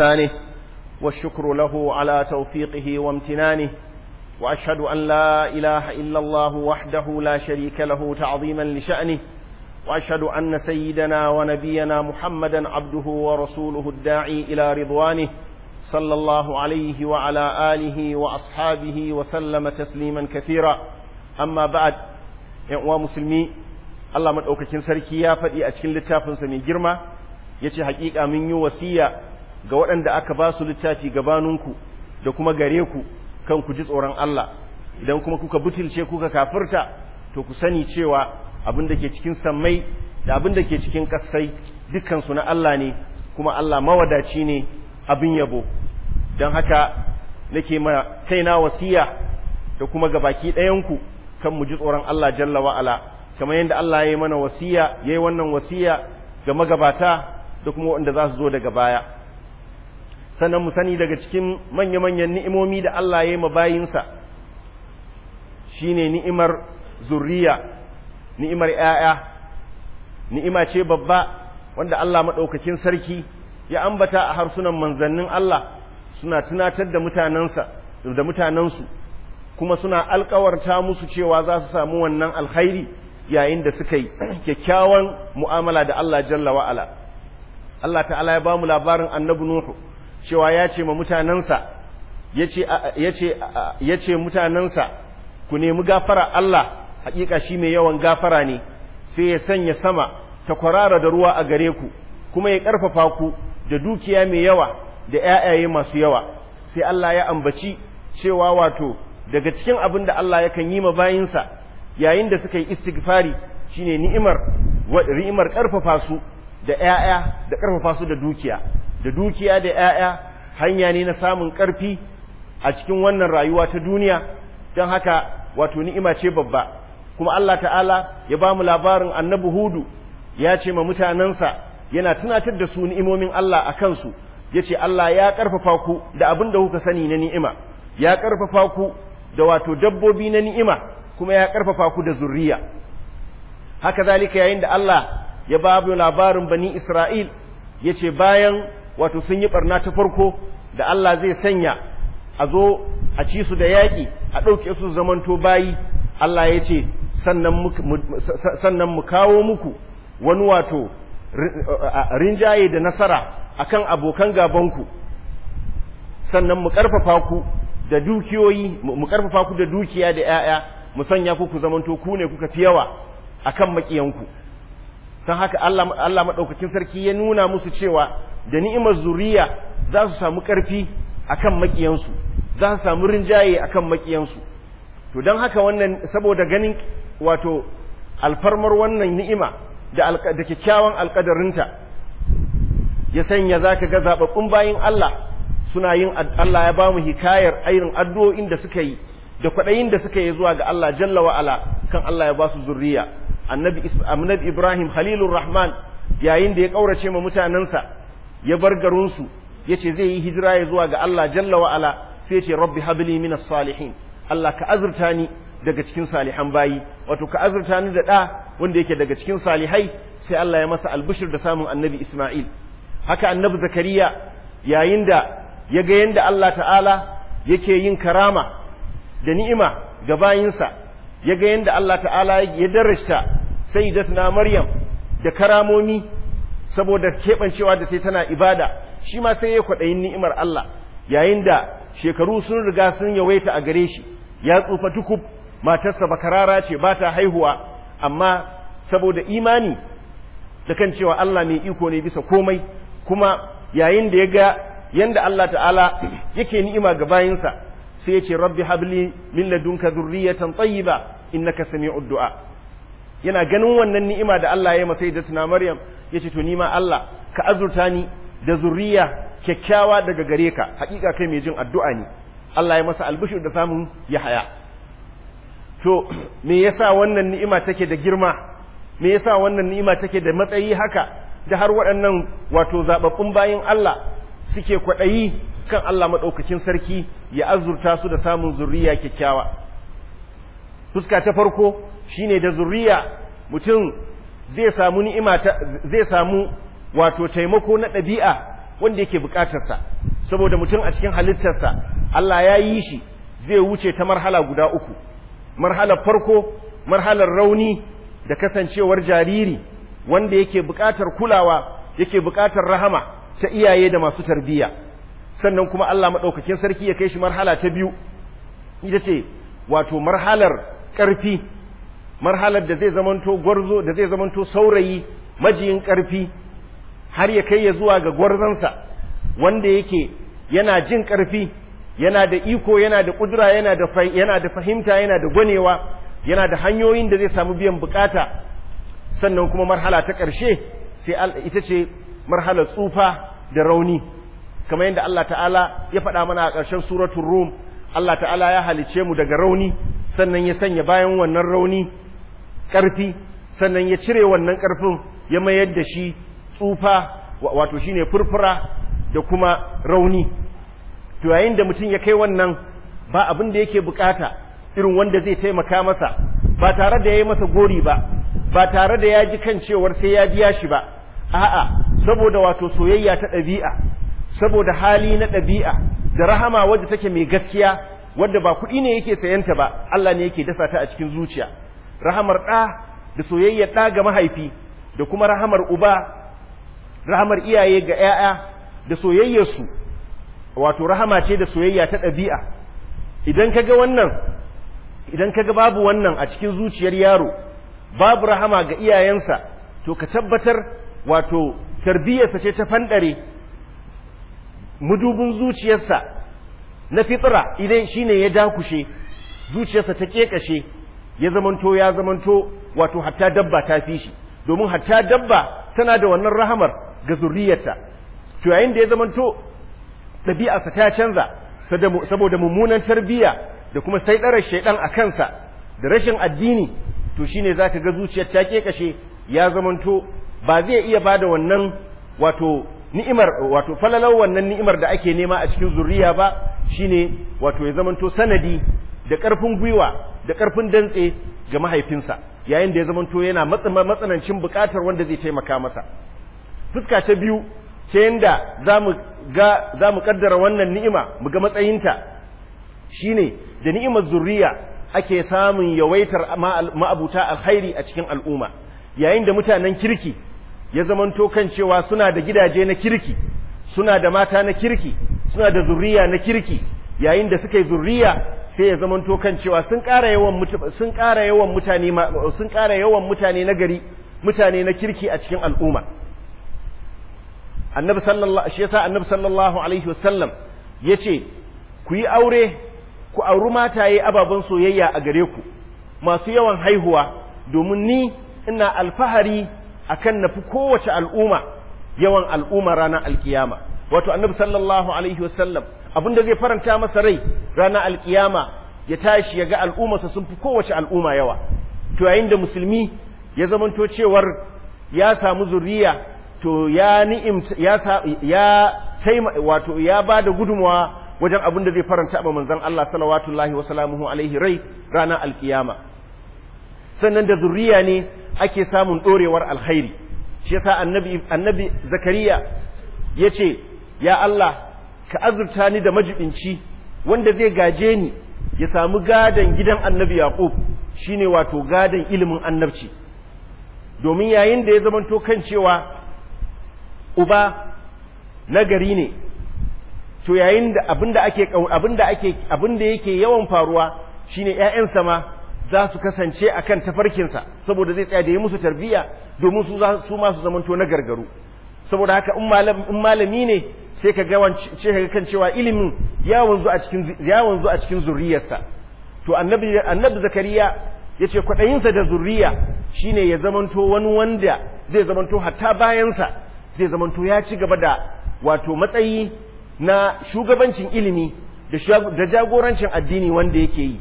إحسانه والشكر له على توفيقه وامتنانه وأشهد أن لا إله إلا الله وحده لا شريك له تعظيما لشأنه وأشهد أن سيدنا ونبينا محمدا عبده ورسوله الداعي إلى رضوانه صلى الله عليه وعلى آله وأصحابه وسلم تسليما كثيرا أما بعد إعوى مسلمي الله مدعوك كنسركي يا فدي أتكن لتافن سمي جرمه ya ce haƙiƙa mun yi ga waɗanda aka ba su littafi gabaninku da kuma gare ku kan ku ji tsoron Allah idan kuma kuka butulce kuka kafirta to ku sani cewa abin da ke cikin sammai da abin da ke cikin ƙasai dukkansu na Allah ne kuma Allah mawadaci ne abin yabo don haka nake ma kaina wasiya da kuma ga baki ɗayanku kan mu ji tsoron Allah jalla wa'ala kamar yadda Allah ya yi mana wasiya ya yi wannan wasiya ga magabata da kuma waɗanda za su zo daga baya sannan mu sani daga cikin manya-manyan ni'imomi da Allah ya yi ma bayinsa ne ni'imar zurriya ni'imar ‘ya'ya ni'ima ce babba wanda Allah maɗaukakin sarki ya ambata a harsunan manzannin Allah suna tunatar da mutanensa da mutanensu kuma suna alkawarta musu cewa za su samu wannan alkhairi yayin da suka yi kyakkyawan mu'amala da Allah jalla wa'ala Allah ta'ala ya ba mu labarin annabi Nuhu cewa ya ce ma mutanensa ya ce mutanensa ku nemi gafara Allah hakika shi mai yawan gafara ne sai ya sanya sama ta kwarara da ruwa a gare ku kuma ya ƙarfafa ku da dukiya mai yawa da ‘ya'yaye masu yawa sai Allah ya ambaci cewa wato daga cikin abin da Allah yakan yi ma bayinsa yayin da suka yi istighfari shine ni'imar ni'imar ƙarfafa su da ‘ya'ya da ƙarfafa su da dukiya da dukiya da 'ya'ya hanya ne na samun ƙarfi a cikin wannan rayuwa ta duniya don haka wato ni'ima ce babba kuma Allah ta'ala ya ba mu labarin annabi hudu ya ce ma mutanensa yana tunatar da su ni'imomin Allah a kansu ya ce Allah ya ƙarfafa ku da abin da kuka sani na ni'ima ya ƙarfafa ku da wato dabbobi na ni'ima kuma ya ƙarfafa ku da zurriya haka zalika yayin da Allah ya ba mu labarin bani Isra'il ya ce bayan wato sun yi barna ta farko da Allah zai sanya a zo a ci su da yaƙi a ɗauke su zamanto bayi Allah ya ce sannan mu kawo muku wani wato rinjaye da nasara akan abokan gabanku sannan mu ƙarfafa ku da dukiyoyi mu ƙarfafa ku da dukiya da ‘ya'ya mu sanya ku ku zamanto ku ne kuka fi yawa akan maƙiyanku San haka Allah maɗaukakin sarki ya nuna musu cewa da ni'imar zuriya za su samu ƙarfi a kan maƙiyansu, za su samu rinjaye kan maƙiyansu. to don haka wannan saboda ganin wato alfarmar wannan ni'ima da kyakkyawan alƙadarinta ya sanya za zaka ga zaɓaɓɓun bayan Allah suna yin Allah ya bamu hikayar ayin addu'o'in da suka yi da kwaɗayin da suka yi zuwa ga Allah jalla Wa'ala, kan Allah ya ba su zuriya annabi Ibrahim Khalilur Rahman yayin da ya kaurace ma mutanansa ya bar garin su yace zai yi hijira ya zuwa ga Allah jalla wa ala sai yace rabbi habli minas salihin Allah ka azurta ni daga cikin salihan bayi wato ka azurta ni da da wanda yake daga cikin salihai sai Allah ya masa albushir da samun annabi Isma'il haka annabi Zakariya yayin da ya ga yanda Allah ta'ala yake yin karama da ni'ima ga bayinsa ya ga yadda Allah ta'ala ya darasta sai na maryam da karamomi saboda keɓancewa da sai tana ibada shi ma sai ya kwaɗayin ni'imar Allah yayin da shekaru sun riga sun yawaita a gare shi ya tsufa tukub matarsa bakarara ce ba ta haihuwa amma saboda imani da kan cewa Allah mai iko ne bisa komai kuma yayin da ya ga yadda Allah ta'ala yake ni'ima ga bayinsa sai ya ce rabbi habli min ladunka dhurriyatan tayyiba innaka sami'u du'a yana ganin wannan ni'ima da Allah ya yi masa da tuna Maryam yace to ni Allah ka azurta ni da zuriya kyakkyawa daga gare ka hakika kai mai jin addu'a ne Allah ya masa albishir da samun Yahaya to me yasa wannan ni'ima take da girma me yasa wannan ni'ima take da matsayi haka da har waɗannan wato zababbun bayin Allah suke kwaɗayi kan Allah madaukakin sarki ya azurta su da samun zurriya kyakkyawa fuska ta farko shine da zuriya mutum zai samu ni'ima zai samu wato taimako na ɗabi'a wanda yake bukatarsa saboda mutum a cikin halittarsa Allah ya yi shi zai wuce ta marhala guda uku marhalar farko marhalar rauni da kasancewar jariri wanda yake buƙatar kulawa yake buƙatar rahama ta iyaye da masu tarbiyya sannan kuma Allah maɗaukakin sarki ya kai shi marhala ta biyu ita ce wato marhalar ƙarfi marhalar da zai zamanto gwarzo da zai zamanto saurayi majiyin ƙarfi har ya kai ya zuwa ga gwarzansa wanda yake yana jin ƙarfi yana da iko yana da ƙudura yana da fahimta yana da gwanewa yana da hanyoyin da zai samu biyan bukata sannan kuma marhala ta ƙarshe sai ita ce marhalar tsufa da rauni kamar yadda Allah ta'ala ya faɗa mana a ƙarshen suratun rum Allah ta'ala ya halice mu daga rauni sannan ya sanya bayan wannan rauni ƙarfi sannan ya cire wannan ƙarfin ya mayar da shi tsufa wato shine furfura da kuma rauni to yayin da mutum ya kai wannan ba abin da yake bukata irin wanda zai taimaka masa ba tare da ya yi masa gori ba ba tare da ya ji kan cewar sai ya biya shi ba a'a saboda wato soyayya ta ɗabi'a saboda hali na ɗabi'a da rahama wadda take mai gaskiya wadda ba kuɗi ne yake sayanta ba Allah ne yake dasa ta a cikin zuciya rahamar ɗa da soyayyar ɗa ga mahaifi da kuma rahamar uba rahamar iyaye ga 'ya'ya da soyayyarsu wato rahama ce da soyayya ta ɗabi'a idan kaga wannan idan kaga babu wannan a cikin zuciyar yaro babu rahama ga iyayensa to ka tabbatar wato tarbiyyarsa ce ta fandare mudubin zuciyarsa na fitra idan shi ne ya dakushe zuciyarsa ta kekashe ya zamanto ya zamanto wato hatta dabba ta fi shi domin hatta dabba tana da wannan rahamar ga zurriyarta. to yayin da ya zamanto ɗabi'arsa ta canza saboda mummunan tarbiyya da kuma sai ɗarar shaidan a kansa da rashin addini to shi ne za ka ga zuciyar ta kekashe ya zamanto ba zai iya ba da wannan wato ni'imar wato falalar wannan ni'imar da ake nema a cikin zuriya ba shine wato ya zamanto sanadi da ƙarfin gwiwa da ƙarfin dantse ga mahaifinsa yayin da ya zamanto yana matsanancin buƙatar wanda zai taimaka masa fuska ta biyu ta yanda za mu kaddara wannan ni'ima mu ga matsayinta shine da ni'imar zuriya ake samun yawaitar ma'abuta alkhairi a cikin al'umma yayin da mutanen kirki ya zamanto kan cewa suna da gidaje na kirki suna da mata na kirki suna da zurriya na kirki yayin da suka yi zurriya sai ya zamanto kan cewa sun ƙara yawan sun ƙara yawan mutane sun ƙara yawan mutane na gari mutane na kirki a cikin al'umma annabi sallallahu shi yasa annabi sallallahu alaihi wasallam yace ku yi aure ku auri mataye ababen soyayya a gare ku masu yawan haihuwa domin ni ina alfahari akan nafi kowace al'umma yawan al'umma ranar alkiyama wato annabi sallallahu alaihi wasallam abinda zai faranta masa rai ranar alkiyama ya tashi ya ga al'ummarsa sun fi kowace al'umma yawa to yayin da musulmi ya zamanto cewar ya samu zuriya to ya ni'im ya ya taima wato ya bada gudunmawa wajen abin da zai faranta ba manzon Allah sallallahu alaihi wasallam alaihi rai ranar alkiyama sannan da zuriya ne ake samun ɗorewar alkhairi shi yasa annabi annabi zakariya ce ya Allah ka azurta ni da majibinci wanda zai gaje ni ya samu gadon gidan annabi shi ne wato gadon ilimin annabci domin yayin da ya zamanto kan cewa uba nagari ne to yayin da abinda ake ake yake yawan faruwa shine 'ya'yan sama. za su kasance a kan tafarkinsa saboda zai tsaya da yi musu tarbiyya domin su masu zamanto na gargaru saboda haka in malami ne sai ka ga kan cewa ilimin ya wanzu a cikin zuriyarsa to annabi zakariya ya ce kwaɗayinsa da zurriya shine ya zamanto wani wanda zai zamanto hatta bayansa zai zamanto ya ci gaba da wato matsayi na shugabancin ilimi da jagorancin addini wanda yake yi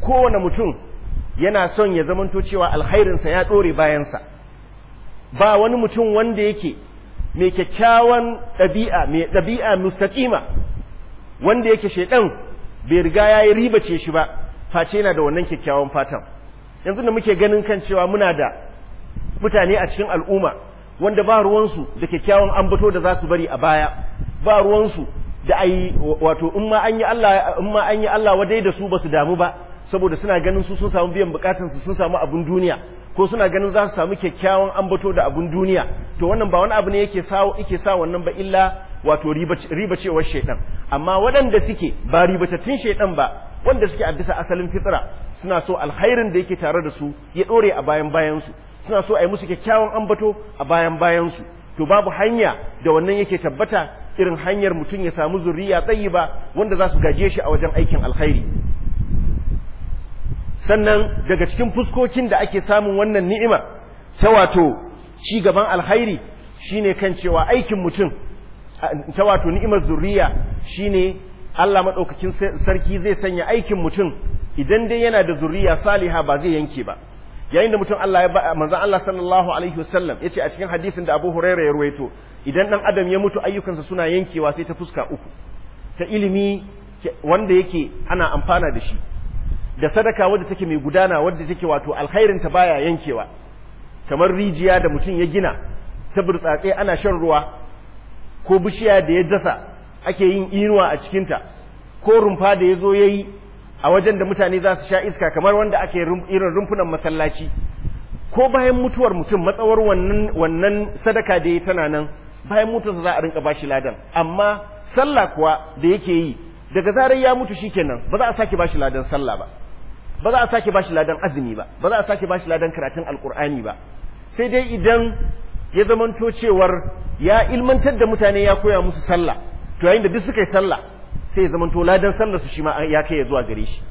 kowane mutum yana son ya zamanto cewa alkhairinsa ya ɗore bayansa ba wani mutum wanda yake mai kyakkyawan ɗabi'a mai ɗabi'a mustaƙima wanda yake shaiɗan bai riga ya yi ribace shi ba face yana da wannan kyakkyawan fatan yanzu da muke ganin kan cewa muna da mutane a cikin al'umma wanda ba ruwansu da kyakkyawan ambato da za su bari a baya ba ruwansu da ayi wato yi Allah in ma an yi Allah wadai da su ba su damu ba saboda suna ganin su sun samu biyan bukatansu sun samu abun duniya ko suna ganin za su samu kyakkyawan ambato da abun duniya to wannan ba wani abu ne yake sa yake sa wannan ba illa wato ribacewar shaidan amma waɗanda suke ba ribatattun shaidan ba wanda suke a bisa asalin fitra suna so alkhairin da yake tare da su ya dore a bayan bayan su suna so a yi musu kyakkyawan ambato a bayan bayan su to babu hanya da wannan yake tabbata irin hanyar mutum ya samu zuriya tsayi ba wanda za su gaje shi a wajen aikin alkhairi sannan daga cikin fuskokin da ake samun wannan ni'ima ta wato ci gaban alkhairi shine kan cewa aikin mutum ta wato ni'imar zuriya shine Allah madaukakin sarki zai sanya aikin mutum idan dai yana da zuriya saliha ba zai yanke ba yayin da mutum Allah ya manzon Allah sallallahu alaihi wasallam yace a cikin hadisin da Abu Hurairah ya ruwaito idan ɗan adam ya mutu ayyukansa suna yankewa sai ta fuska uku ta ilimi wanda yake ana amfana da shi da sadaka wadda take mai gudana wadda take wato alkhairin ta baya yankewa kamar rijiya da mutum ya gina ta burtsatse ana shan ruwa ko bishiya da ya dasa ake yin inuwa a cikin ta ko rumfa da ya zo ya a wajen da mutane za su sha iska kamar wanda ake irin rumfunan masallaci ko bayan mutuwar mutum matsawar wannan sadaka da ya tana nan bayan mutuwarsa za a rinka bashi ladan amma sallah kuwa da yake yi daga zarar ya mutu shikenan ba za a sake bashi ladan sallah ba ba za a sake bashi ladan azumi ba ba za a sake bashi ladan karatun alkur'ani ba sai dai idan ya zamanto cewar ya ilmantar da mutane ya koya musu sallah to yayin da duk suka yi sallah sai ya zamanto ladan sallar su shi ma ya kai zuwa gare shi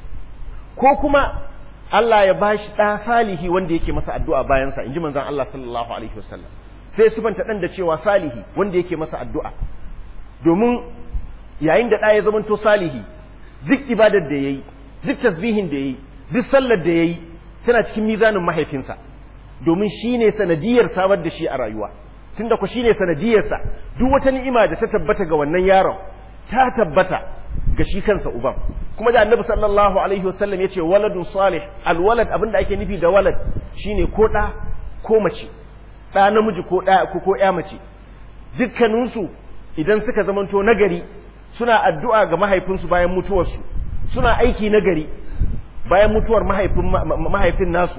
ko kuma Allah ya bashi ɗa salihi wanda yake masa addu'a bayan sa ji manzon Allah sallallahu alaihi wasallam sai sufanta ɗan da cewa salihi wanda yake masa addu'a domin yayin da ɗa ya zamanto salihi duk ibadar da yayi duk tasbihin da ya yi duk sallar da ya yi tana cikin mizanin mahaifinsa domin shi ne sanadiyar samar da shi a rayuwa tun da ku shi ne sanadiyarsa duk wata ni'ima da ta tabbata ga wannan yaron ta tabbata ga shi kansa uban kuma da annabi sallallahu alaihi wasallam ya ce waladun salih alwalad abinda ake nufi da walad shine ko ɗa ko mace Da namiji ko ɗa ko ya mace dukkaninsu idan suka zamanto nagari suna addu'a ga mahaifinsu bayan mutuwarsu suna aiki nagari bayan mutuwar mahaifin nasu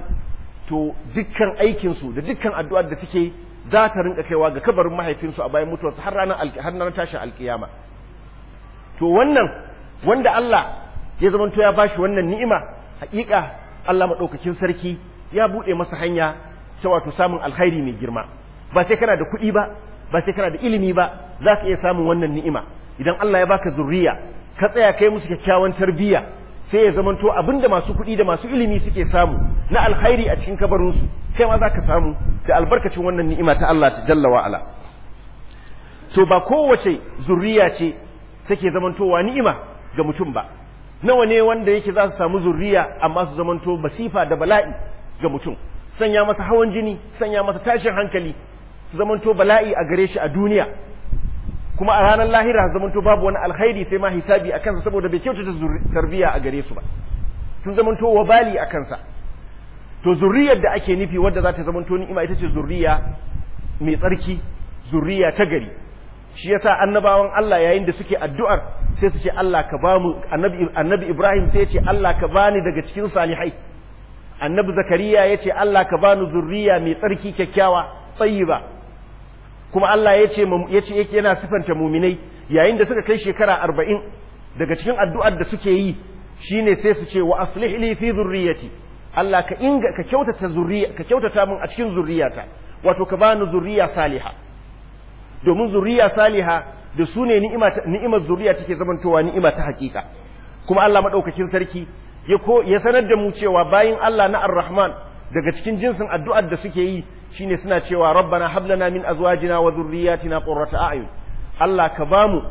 to dukkan aikinsu da dukkan addu'ar da suke za ta rinka kaiwa ga kabarin mahaifinsu a bayan mutuwarsu har ranar tashin alkiyama to wannan wanda Allah ya zamanto ya bashi wannan ni'ima hakika Allah maɗaukakin sarki ya buɗe masa hanya ta wato samun alkhairi mai girma ba sai kana da kuɗi ba ba sai kana da ilimi ba za ka iya samun wannan ni'ima idan Allah ya baka zurriya ka tsaya kai musu kyakkyawan tarbiyya sai ya zamanto abinda masu kuɗi da masu ilimi suke samu na alkhairi a cikin kabarinsu kai ma za ka samu da albarkacin wannan ni'ima ta Allah ta jalla wa'ala to ba kowace zurriya ce take zamantowa ni'ima ga mutum ba nawa ne wanda yake za su samu zurriya amma su zamanto basifa da bala'i ga mutum sanya masa hawan jini sanya masa tashin hankali su zamanto bala'i a gare shi a duniya kuma a ranar lahira zamanto babu wani alkhairi sai ma hisabi a kansa saboda bai kyautata tarbiya a gare su ba sun zamanto bali a kansa to zurriyar da ake nufi wadda za ta zamanto ni'ima ita ce zurriya mai tsarki zurriya ta gari shi yasa annabawan Allah yayin da suke addu'ar sai su ce Allah ka bamu annabi annabi Ibrahim sai ya ce Allah ka bani daga cikin salihai annabi Zakariya ya ce Allah ka bani zurriya mai tsarki kyakkyawa ba. kuma Allah ya ce yake yana sifanta muminai yayin da suka kai shekara arba'in daga cikin addu'ar da suke yi shine sai su ce wa aslih li fi zurriyati Allah ka inga ka kyautata zurriya ka kyautata min a cikin zurriyata wato ka bani zurriya saliha domin zurriya saliha da su ne ni'imar zuriya take zamantowa ni'ima ta hakika kuma Allah madaukakin sarki ya ko ya sanar da mu cewa bayin Allah na Ar-Rahman daga cikin jinsin addu'ar da suke yi shine suna cewa rabbana hab lana min azwajina wa dhurriyyatina qurrata a'yun Allah ka bamu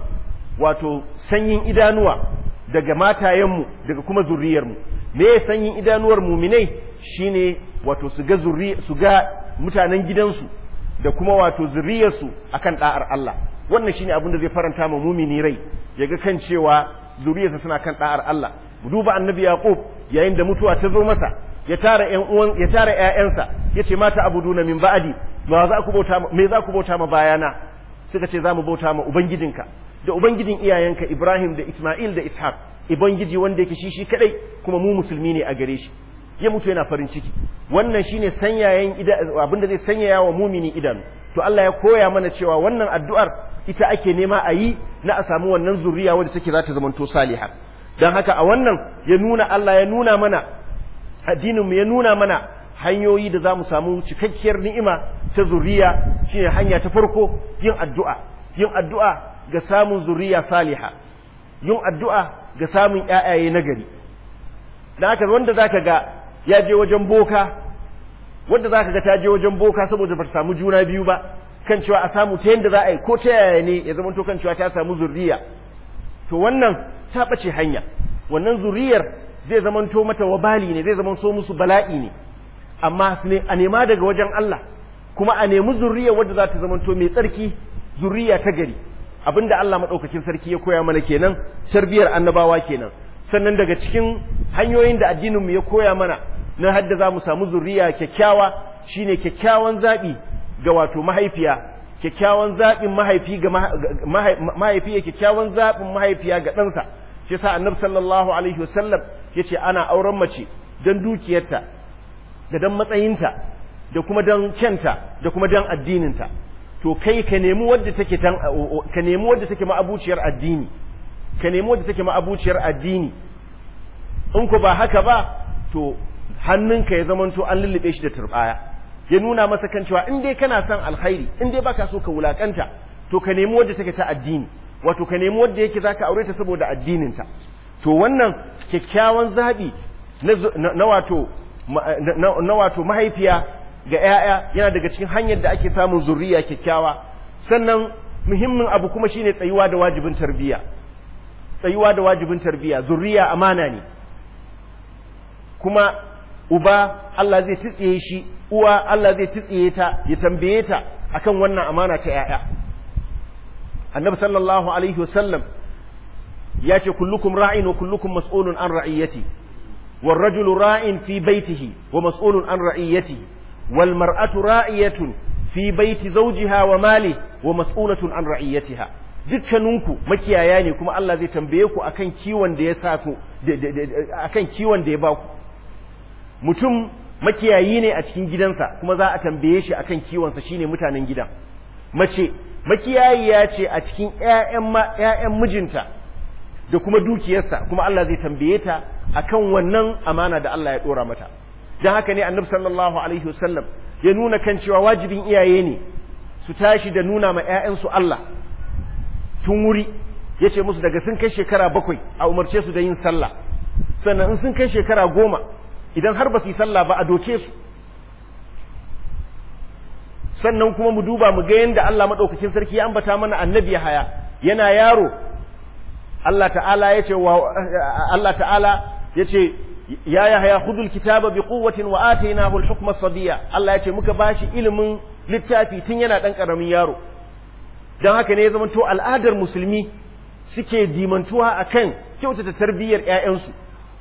wato sanyin idanuwa daga matayenmu daga kuma zurriyarmu me sanyin idanuwar muminai shine wato su ga su ga mutanen gidansu da kuma wato zurriyarsu akan da'ar Allah wannan shine abin da zai faranta ma mumini rai ya kan cewa zuriyarsa suna kan da'ar Allah duba annabi yaqub yayin da mutuwa ta zo masa ya tara ƴan uwan ya tara ƴaƴansa yace mata abuduna min ba'adi ma za ku bauta me za ku bauta ma bayana suka ce za mu bauta ma ubangijinka da ubangijin iyayenka Ibrahim da Isma'il da Ishaq ubangiji wanda yake shi shi kadai kuma mu musulmi ne a gare shi ya mutu yana farin ciki wannan shine sanyayen abinda zai sanyaya wa mumini idanu to Allah ya koya mana cewa wannan addu'ar ita ake nema a yi na a samu wannan zuriya wadda take za ta zamanto saliha dan haka a wannan ya nuna Allah ya nuna mana addininmu ya nuna mana hanyoyi da zamu samu cikakkiyar ni'ima ta zuriya shine hanya ta farko yin addu'a yin addu'a ga samun zuriya saliha yin addu'a ga samun ƴaƴaye nagari dan haka wanda zaka ga ya je wajen boka wanda zaka ga ta je wajen boka saboda ba samu juna biyu ba kan cewa a samu ta yadda za a yi ko ta yaya ne ya zama kan cewa ta samu zuriya to wannan ta ɓace hanya wannan zuriyar zai zamanto mata wabali ne zai zaman so musu bala'i ne amma a nema daga wajen Allah kuma a nemi zuriya wadda za ta zamanto mai tsarki zuriya ta gari abinda Allah maɗaukakin sarki ya koya mana kenan tarbiyar annabawa kenan sannan daga cikin hanyoyin da addininmu ya koya mana na hadda za mu samu zuriya kyakkyawa shine kyakkyawan zaɓi ga wato mahaifiya kyakkyawan zaɓin mahaifi ga mahaifi kyakkyawan zaɓin mahaifiya ga ɗansa shi sa annabi sallallahu alaihi wasallam ya ce ana auren mace don dukiyarta da don matsayinta da kuma don kyanta da kuma don addininta to kai ka nemi wadda take ma'abuciyar addini ka nemi wadda take ma'abuciyar addini in ku ba haka ba to hannunka ya zamanto an lullube shi da turbaya ya nuna masa kan cewa in dai kana son alkhairi in dai baka so ka wulakanta to ka nemi wadda take ta addini wato ka nemi wadda yake zaka aure ta saboda addininta to wannan kyakkyawan zaɓi na wato mahaifiya ga 'ya'ya yana daga cikin hanyar da ake samun zurriya kyakkyawa sannan muhimmin abu kuma shine tsayuwa da wajibin tarbiya tsayuwa da wajibin tarbiya zurriya amana ne kuma uba Allah zai tsitsiye shi uwa Allah zai titsiye ta ya tambaye ta akan wannan amana ta 'ya'ya annabi sallallahu alaihi wasallam ya ce kullukum ra'in wa kullukum mas'ulun an ra'iyyati wal rajulu ra'in fi baitihi wa mas'ulun an ra’iyyati wal mar'atu ra'iyatun fi baiti zawjiha wa mali wa mas'ulatun an ra'iyyatiha dukkaninku makiyaya ne kuma Allah zai tambaye ku akan kiwon da ya sa ku akan kiwon da ya baku mutum makiyayi ne a cikin gidansa kuma za a tambaye shi akan kiwonsa shine mutanen gidan mace makiyayi ya ce a cikin 'ya'yan mijinta da kuma dukiyarsa kuma Allah zai tambaye ta akan wannan amana da Allah ya dora mata dan haka ne annabi sallallahu alaihi wasallam ya nuna kan cewa wajibin iyaye ne su tashi da nuna ma ƴaƴansu Allah tun wuri yace musu daga sun kai shekara bakwai a umarce su da yin sallah sannan in sun kai shekara goma idan har ba su yi sallah ba a doke su sannan kuma mu duba mu ga yadda Allah madaukakin sarki ya ambata mana annabi yahaya yana yaro Allah ta'ala yace wa Allah ta'ala ya yahya khudul kitaba bi quwwatin wa atainahu al-hukma sadiya Allah ce muka bashi ilimin littafi tun yana dan karamin yaro dan haka ne ya zamanto al'adar musulmi suke dimantuwa akan kyautata tarbiyyar ƴaƴansu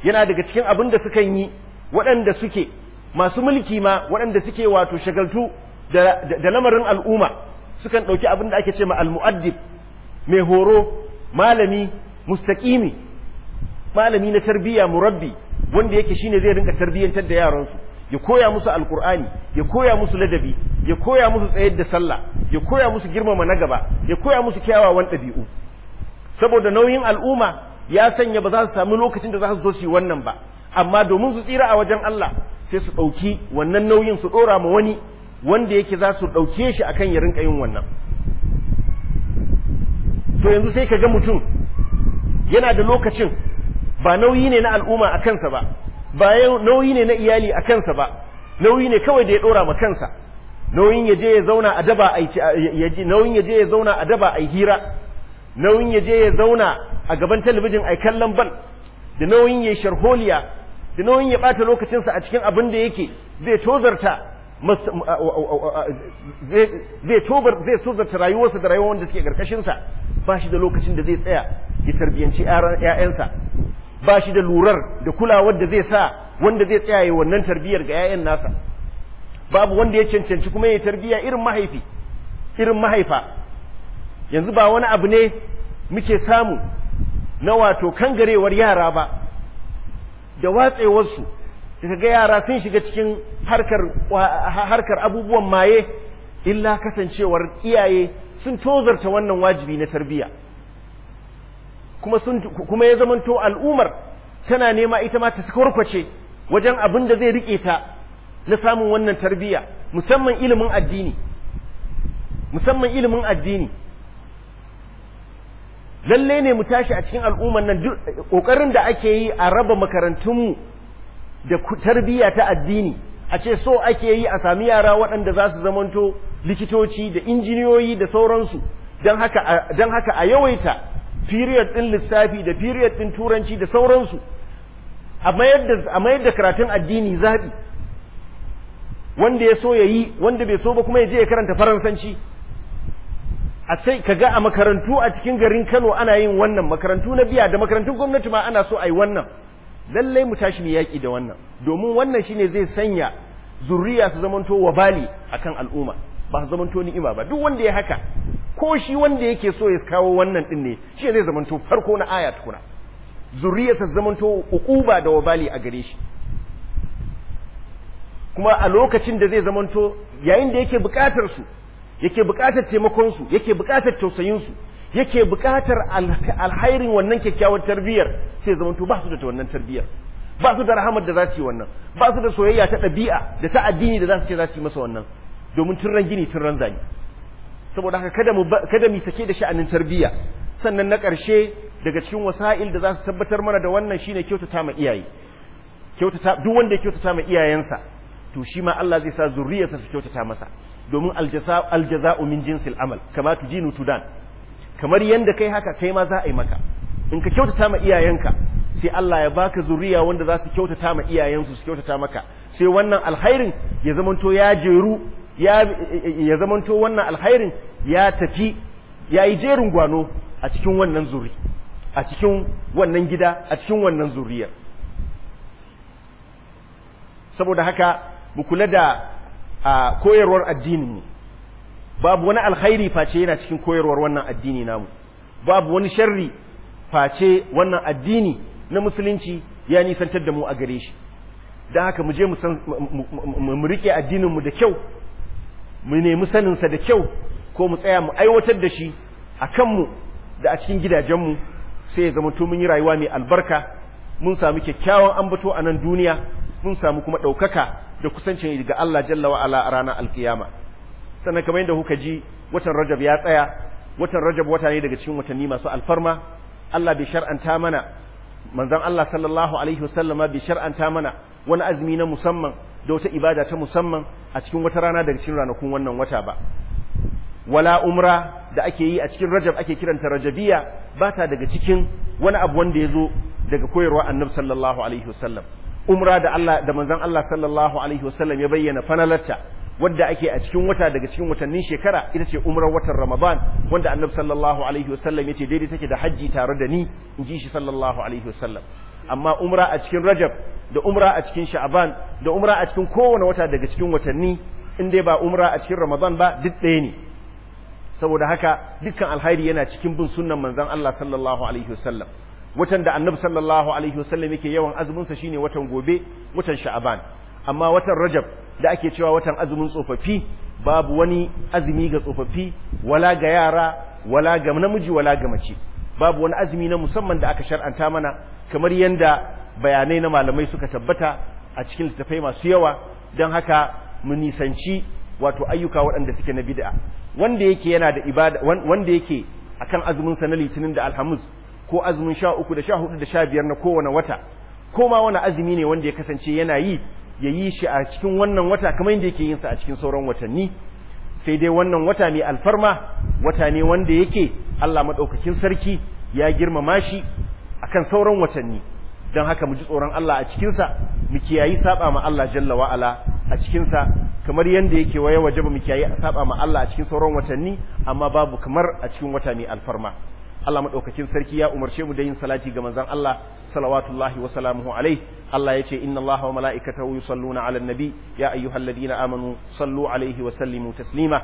yana daga cikin abin da sukan yi waɗanda suke masu mulki ma waɗanda suke wato shagaltu da lamarin al'umma sukan ɗauki abin da ake ce ma al-mu'addib mai horo malami mustaqimi malami na tarbiyya murabbi wanda yake shine zai rinka tarbiyyantar da yaransu ya koya musu alkur'ani ya koya musu ladabi ya koya musu tsayar da sallah ya koya musu girmama na gaba ya koya musu kyawawan ɗabi'u saboda nauyin al'umma ya sanya ba za su sami lokacin da za su zo su wannan ba amma domin su tsira a wajen Allah sai su ɗauki wannan nauyin su ɗora ma wani wanda yake za su ɗauke shi akan ya rinka yin wannan to yanzu sai ka ga mutum yana da lokacin ba nauyi ne na al'umma a kansa ba ba nauyi ne na iyali a kansa ba nauyi ne kawai da ya ɗora ma kansa nauyin ya je ya zauna a daba a nauyin ya ya zauna a daba a hira nauyin ya je ya zauna a gaban talabijin a yi kallon ban da nauyin ya sharholiya da nauyin ya ɓata lokacinsa a cikin abin da yake zai tozarta zai tozarta rayuwarsa da rayuwar wanda suke ƙarƙashinsa ba shi da lokacin da zai tsaya ya tarbiyanci ‘ya'yansa ba shi da lurar da kulawar da zai sa wanda zai tsaya ya wannan tarbiyyar ga ‘ya'yan nasa babu wanda ya cancanci kuma ya tarbiya irin mahaifi irin mahaifa yanzu ba wani abu ne muke samu na wato kangarewar yara ba da watsewarsu daga ga yara sun shiga cikin harkar abubuwan maye illa kasancewar iyaye sun tozarta wannan wajibi na tarbiya kuma sun kuma ya zamanto al'umar tana nema ita ma ta sukurkwace wajen abin da zai rike ta na samun wannan tarbiyya musamman ilimin addini musamman ilimin addini lalle ne mu tashi a cikin al'ummar nan kokarin da ake yi a raba makarantunmu da tarbiya ta addini a ce so ake yi a sami yara waɗanda za su zamanto likitoci da injiniyoyi da sauransu don haka a yawaita period ɗin lissafi da period ɗin turanci da sauransu a mayar da karatun addini zaɓi wanda ya so ya yi wanda bai so ba kuma ya je ya karanta faransanci a sai ka ga a makarantu a cikin garin kano ana yin wannan makarantu na biya da makarantun gwamnati ma ana so a yi wannan lallai mu tashi mu yaƙi da wannan domin wannan shine zai sanya zuriya su zamanto wabali akan al'umma ba su zamanto ni'ima ba duk wanda ya haka ko shi wanda yake so ya kawo wannan din ne shi zai zamanto farko na aya tukuna zuriya su zamanto uquba da wabali a gare shi kuma a lokacin da zai zamanto yayin da yake bukatar su yake bukatar taimakon su yake bukatar tausayin su yake buƙatar alhairin wannan kyakkyawar tarbiyyar sai zamanto to ba su da wannan tarbiyyar ba su da rahamar da za su yi wannan ba su da soyayya ta ɗabi'a da ta addini da za su ce za su yi masa wannan domin tun ran gini tun ran zani saboda haka kada mu kada mu sake da sha'anin tarbiyya sannan na ƙarshe daga cikin wasa'il da za su tabbatar mana da wannan shine kyautata ma iyaye kyautata duk wanda ya kyautata ma iyayensa to shi ma Allah zai sa zuriyarsa su kyautata masa domin aljaza'u min jinsil amal kama tujinu tudan kamar yanda kai haka kai ma za a yi maka in ka kyautata ma iyayenka sai Allah ya baka zuriya wanda za su kyautata ma iyayensu su kyautata maka sai wannan alkhairin ya zamanto ya jeru ya ya zamanto wannan alkhairin ya tafi ya yi jerin gwano a cikin wannan zuri a cikin wannan gida a cikin wannan zuriyar saboda haka mu kula da koyarwar addinin mu babu wani alkhairi face yana cikin koyarwar wannan addini namu babu wani sharri face wannan addini na musulunci ya nisantar da mu a gare shi don haka mu je mu rike addininmu da kyau mu nemi saninsa da kyau ko mu tsaya mu aiwatar da shi a kanmu da a cikin gidajenmu sai ya zama mun yi rayuwa mai albarka mun samu kyakkyawan ambato a nan duniya mun sami kuma ɗaukaka da kusancin ga Allah jalla Ala a ranar alkiyama sannan kamar yadda kuka ji watan rajab ya tsaya watan rajab wata ne daga cikin watanni masu alfarma Allah bai shar'anta mana manzon Allah sallallahu alaihi wasallama bai shar'anta mana wani azumi na musamman da wata ibada ta musamman a cikin wata rana daga cikin ranakun wannan wata ba wala umra da ake yi a cikin rajab ake kiranta rajabiya ba ta daga cikin wani abu wanda ya zo daga koyarwa annabi sallallahu alaihi wasallam umra da Allah da manzon Allah sallallahu alaihi wasallam ya bayyana fanalarta wadda ake a cikin wata daga cikin watannin shekara ita ce umrar watan ramadan wanda annabi sallallahu alaihi wasallam yace daidai take da haji tare da ni in ji shi sallallahu alaihi wasallam amma umra a cikin rajab da umra a cikin sha'ban da umra a cikin kowane wata daga cikin watanni in dai ba umra a cikin ramadan ba duk ɗaya ne saboda haka dukkan alhairi yana cikin bin sunnan manzon Allah sallallahu alaihi wasallam watan da annabi sallallahu alaihi wasallam yake yawan azumin sa shine watan gobe watan sha'ban amma watan rajab da ake cewa watan azumin tsofaffi babu wani azumi ga tsofaffi wala ga yara wala ga namiji wala ga mace babu wani azumi na musamman da aka shar'anta mana kamar yanda bayanai na malamai suka tabbata a cikin littafai masu yawa don haka mu nisanci wato ayyuka waɗanda suke na bid'a wanda yake yana da ibada wanda yake akan azumin sa na litinin da alhamis ko azumin sha uku da sha hudu da sha biyar na kowane wata ko ma wani azumi ne wanda ya kasance yana yi ya yi shi a cikin wannan wata kamar yadda yake yinsa a cikin sauran watanni sai dai wannan wata ne alfarma wata ne wanda yake Allah maɗaukakin sarki ya girmama shi akan sauran watanni don haka mu ji tsoron Allah a cikinsa mu kiyayi saba ma Allah jalla wa'ala a cikinsa kamar yadda yake waye waje mu kiyayi saba ma Allah a cikin sauran watanni amma babu kamar a cikin wata ne alfarma Allah madaukakin sarki ya umarce mu da yin salati ga manzon Allah salawatullahi wa salamuhu alaihi Allah yace inna Allaha wa mala'ikatahu yusalluna 'alan nabi ya ayyuhalladhina amanu sallu alayhi wa sallimu taslima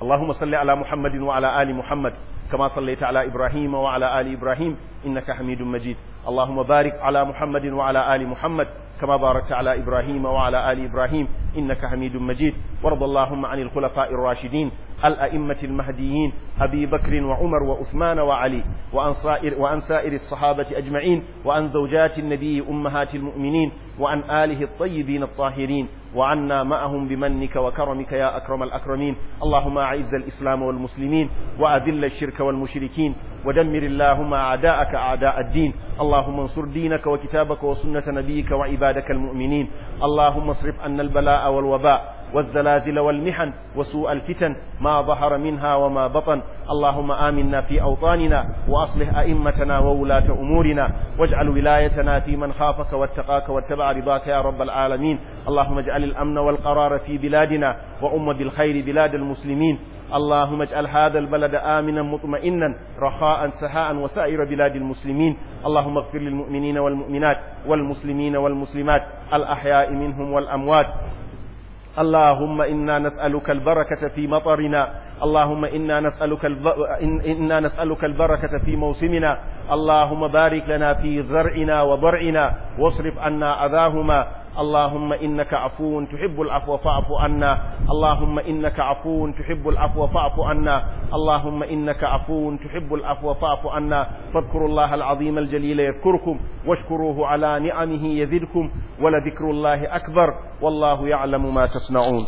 اللهم صل على محمد وعلى آل محمد كما صليت على إبراهيم وعلى آل إبراهيم إنك حميد مجيد اللهم بارك على محمد وعلى آل محمد كما باركت على إبراهيم وعلى آل إبراهيم إنك حميد مجيد وارض اللهم عن الخلفاء الراشدين الأئمة المهديين أبي بكر وعمر وعثمان وعلي وأن سائر, وأن سائر الصحابة أجمعين وأن زوجات النبي أمهات المؤمنين وأن آله الطيبين الطاهرين وعنا معهم بمنك وكرمك يا أكرم الأكرمين اللهم أعز الإسلام والمسلمين وأذل الشرك والمشركين ودمر اللهم أعداءك أعداء الدين اللهم انصر دينك وكتابك وسنة نبيك وعبادك المؤمنين اللهم اصرف عنا البلاء والوباء والزلازل والمحن وسوء الفتن ما ظهر منها وما بطن اللهم آمنا في أوطاننا وأصلح أئمتنا وولاة أمورنا واجعل ولايتنا في من خافك واتقاك واتبع رضاك يا رب العالمين اللهم اجعل الأمن والقرار في بلادنا وأم بالخير بلاد المسلمين اللهم اجعل هذا البلد آمنا مطمئنا رخاء سهاء وسائر بلاد المسلمين اللهم اغفر للمؤمنين والمؤمنات والمسلمين والمسلمات الأحياء منهم والأموات اللهم إنا نسألك البركة في مطرنا اللهم إنا نسألك, الب... إنا نسألك البركة في موسمنا اللهم بارك لنا في زرعنا وضرعنا واصرف عنا أذاهما اللهم إنك عفو تحب العفو فاعف عنا اللهم إنك عفو تحب العفو فاعف عنا اللهم إنك عفو تحب العفو فاعف عنا فاذكروا الله العظيم الجليل يذكركم واشكروه على نعمه يزدكم ولذكر الله أكبر والله يعلم ما تصنعون